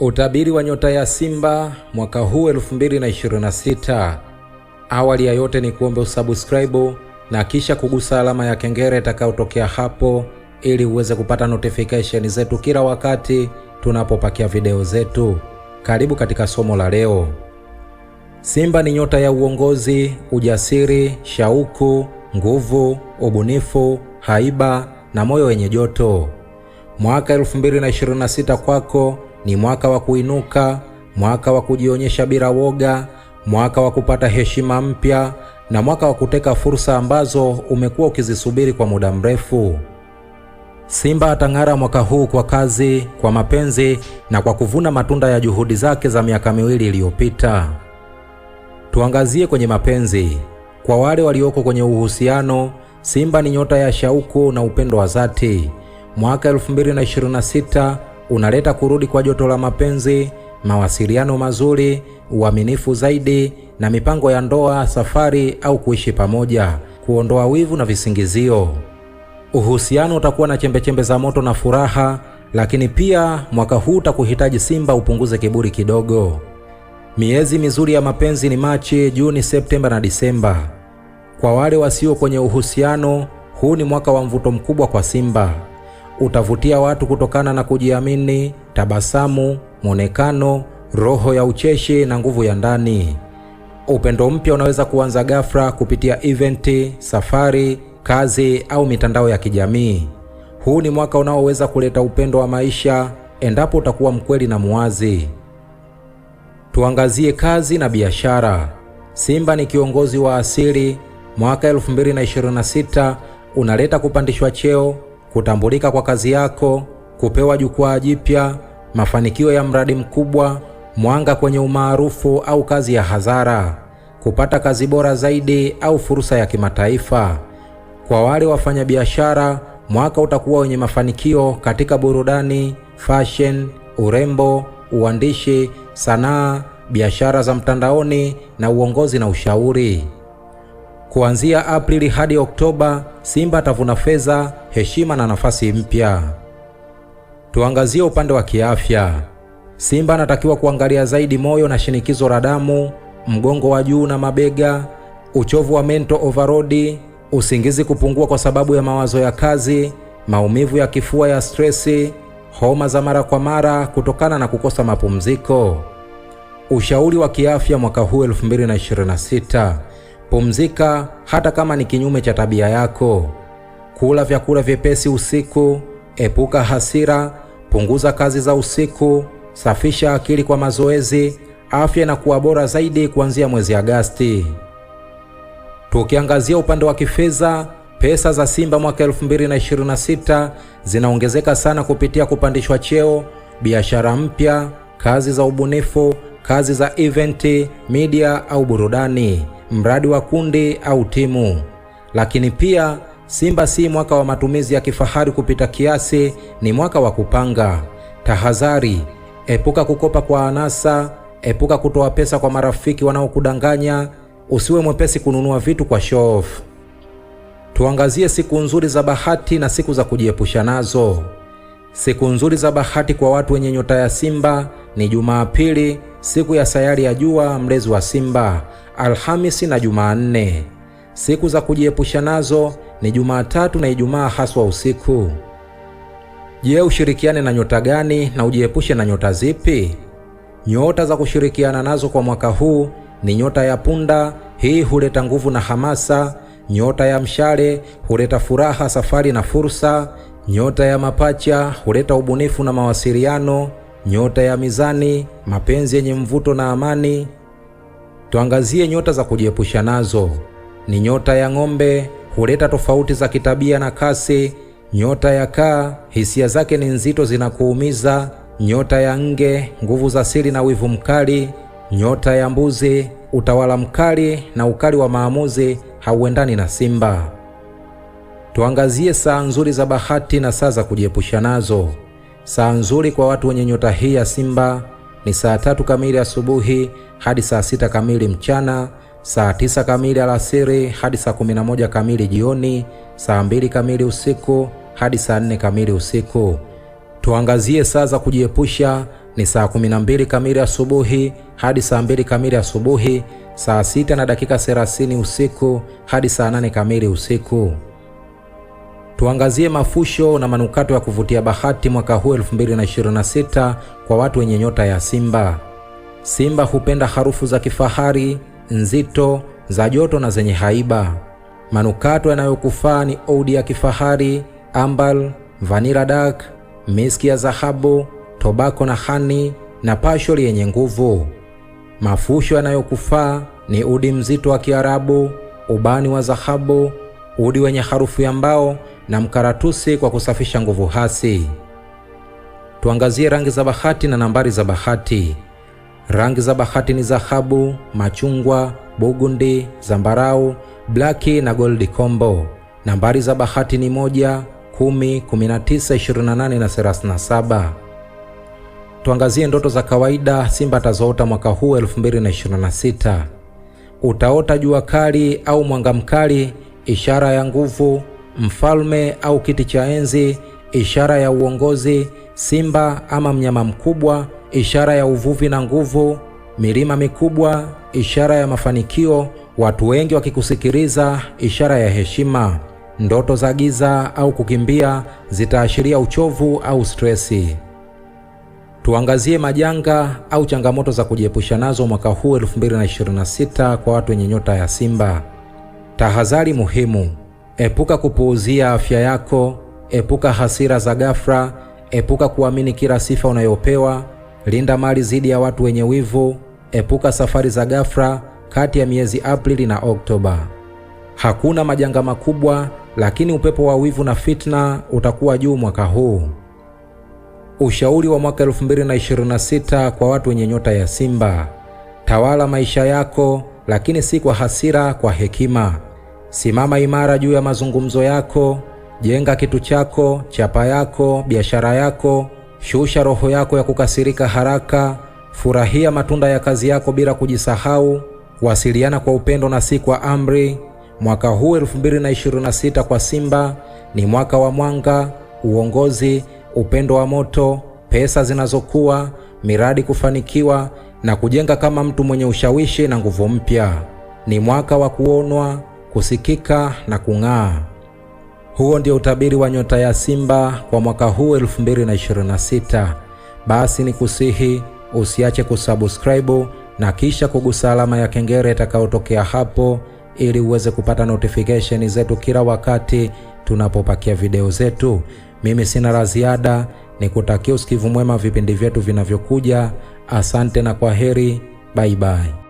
Utabiri wa nyota ya Simba mwaka huu 2026. Awali ya yote ni kuombe usubscribe na kisha kugusa alama ya kengele itakayotokea hapo ili uweze kupata notification zetu kila wakati tunapopakia video zetu. Karibu katika somo la leo. Simba ni nyota ya uongozi, ujasiri, shauku, nguvu, ubunifu, haiba na moyo wenye joto. Mwaka 2026 kwako ni mwaka wa kuinuka, mwaka wa kujionyesha bila woga, mwaka wa kupata heshima mpya na mwaka wa kuteka fursa ambazo umekuwa ukizisubiri kwa muda mrefu. Simba atang'ara mwaka huu kwa kazi, kwa mapenzi na kwa kuvuna matunda ya juhudi zake za miaka miwili iliyopita. Tuangazie kwenye mapenzi. Kwa wale walioko kwenye uhusiano, Simba ni nyota ya shauku na upendo wa dhati. Mwaka unaleta kurudi kwa joto la mapenzi, mawasiliano mazuri, uaminifu zaidi na mipango ya ndoa, safari au kuishi pamoja, kuondoa wivu na visingizio. Uhusiano utakuwa na chembechembe za moto na furaha, lakini pia mwaka huu utakuhitaji Simba upunguze kiburi kidogo. Miezi mizuri ya mapenzi ni Machi, Juni, Septemba na Disemba. Kwa wale wasio kwenye uhusiano, huu ni mwaka wa mvuto mkubwa kwa Simba utavutia watu kutokana na kujiamini, tabasamu, mwonekano, roho ya ucheshi na nguvu ya ndani. Upendo mpya unaweza kuanza ghafla kupitia eventi, safari, kazi au mitandao ya kijamii. Huu ni mwaka unaoweza kuleta upendo wa maisha endapo utakuwa mkweli na muwazi. Tuangazie kazi na biashara. Simba ni kiongozi wa asili. Mwaka 2026 unaleta kupandishwa cheo, kutambulika kwa kazi yako, kupewa jukwaa jipya, mafanikio ya mradi mkubwa, mwanga kwenye umaarufu au kazi ya hadhara, kupata kazi bora zaidi au fursa ya kimataifa. Kwa wale wafanyabiashara, mwaka utakuwa wenye mafanikio katika burudani, fashion, urembo, uandishi, sanaa, biashara za mtandaoni na uongozi na ushauri. Kuanzia Aprili hadi Oktoba, Simba atavuna fedha, heshima na nafasi mpya. Tuangazie upande wa kiafya. Simba anatakiwa kuangalia zaidi moyo na shinikizo la damu, mgongo wa juu na mabega, uchovu wa mental overload, usingizi kupungua kwa sababu ya mawazo ya kazi, maumivu ya kifua ya stresi, homa za mara kwa mara kutokana na kukosa mapumziko. Ushauri wa kiafya mwaka huu 2026. Pumzika hata kama ni kinyume cha tabia yako. Kula vyakula vyepesi usiku, epuka hasira, punguza kazi za usiku, safisha akili kwa mazoezi. Afya na kuwa bora zaidi kuanzia mwezi Agasti. Tukiangazia upande wa kifedha, pesa za Simba mwaka 2026 zinaongezeka sana kupitia kupandishwa cheo, biashara mpya, kazi za ubunifu, kazi za eventi, media au burudani mradi wa kundi au timu. Lakini pia Simba si mwaka wa matumizi ya kifahari kupita kiasi, ni mwaka wa kupanga. Tahadhari: epuka kukopa kwa anasa, epuka kutoa pesa kwa marafiki wanaokudanganya, usiwe mwepesi kununua vitu kwa show off. Tuangazie siku nzuri za bahati na siku za kujiepusha nazo. Siku nzuri za bahati kwa watu wenye nyota ya Simba ni Jumapili, siku ya sayari ya jua, mlezi wa Simba, Alhamisi na Jumanne. Siku za kujiepusha nazo ni Jumatatu na Ijumaa, haswa usiku. Je, ushirikiane na nyota gani na ujiepushe na nyota zipi? Nyota za kushirikiana nazo kwa mwaka huu ni nyota ya punda, hii huleta nguvu na hamasa. Nyota ya mshale huleta furaha, safari na fursa. Nyota ya mapacha huleta ubunifu na mawasiliano nyota ya mizani, mapenzi yenye mvuto na amani. Tuangazie nyota za kujiepusha nazo. Ni nyota ya ng'ombe, huleta tofauti za kitabia na kasi. Nyota ya kaa, hisia zake ni nzito, zinakuumiza. Nyota ya nge, nguvu za siri na wivu mkali. Nyota ya mbuzi, utawala mkali na ukali wa maamuzi, hauendani na Simba. Tuangazie saa nzuri za bahati na saa za kujiepusha nazo. Saa nzuri kwa watu wenye nyota hii ya Simba ni saa tatu kamili asubuhi hadi saa sita kamili mchana, saa tisa kamili alasiri hadi saa kumi na moja kamili jioni, saa mbili kamili usiku hadi saa nne kamili usiku. Tuangazie saa za kujiepusha ni saa kumi na mbili kamili asubuhi hadi saa mbili kamili asubuhi, saa sita na dakika thelathini usiku hadi saa nane kamili usiku. Tuangazie mafusho na manukato ya kuvutia bahati mwaka huu 2026 kwa watu wenye nyota ya Simba. Simba hupenda harufu za kifahari, nzito, za joto na zenye haiba. Manukato yanayokufaa ni oudi ya kifahari, ambal, vanilla dark, miski ya dhahabu, tobako na hani na pasholi yenye nguvu. Mafusho yanayokufaa ni udi mzito wa Kiarabu, ubani wa dhahabu udi wenye harufu ya mbao na mkaratusi kwa kusafisha nguvu hasi. Tuangazie rangi za bahati na nambari za bahati. Rangi za bahati ni dhahabu, machungwa, bugundi, zambarau, blaki na goldi combo. Nambari za bahati ni moja, kumi, kumi na tisa, ishirini na nane na thelathini na saba. Tuangazie ndoto za kawaida Simba atazoota mwaka huu 2026. Utaota jua kali au mwanga mkali ishara ya nguvu, mfalme au kiti cha enzi, ishara ya uongozi, simba ama mnyama mkubwa, ishara ya uvuvi na nguvu, milima mikubwa, ishara ya mafanikio, watu wengi wakikusikiliza, ishara ya heshima. Ndoto za giza au kukimbia zitaashiria uchovu au stresi. Tuangazie majanga au changamoto za kujiepusha nazo mwaka huu 2026 kwa watu wenye nyota ya Simba. Tahadhari muhimu: epuka kupuuzia afya yako, epuka hasira za ghafla, epuka kuamini kila sifa unayopewa, linda mali dhidi ya watu wenye wivu, epuka safari za ghafla kati ya miezi Aprili na Oktoba. Hakuna majanga makubwa, lakini upepo wa wivu na fitna utakuwa juu mwaka huu. Ushauri wa mwaka 2026 kwa watu wenye nyota ya Simba: tawala maisha yako, lakini si kwa hasira, kwa hekima. Simama imara juu ya mazungumzo yako, jenga kitu chako, chapa yako, biashara yako. Shusha roho yako ya kukasirika haraka, furahia matunda ya kazi yako bila kujisahau. Wasiliana kwa upendo na si kwa amri. Mwaka huu 2026 kwa Simba ni mwaka wa mwanga, uongozi, upendo wa moto, pesa zinazokuwa, miradi kufanikiwa na kujenga kama mtu mwenye ushawishi na nguvu mpya. Ni mwaka wa kuonwa kusikika na kung'aa. Huo ndio utabiri wa nyota ya Simba kwa mwaka huu 2026. Basi ni kusihi usiache kusubscribe na kisha kugusa alama ya kengele itakayotokea hapo ili uweze kupata notification zetu kila wakati tunapopakia video zetu. Mimi sina la ziada, nikutakia usikivu mwema vipindi vyetu vinavyokuja. Asante na kwa heri, bye bye.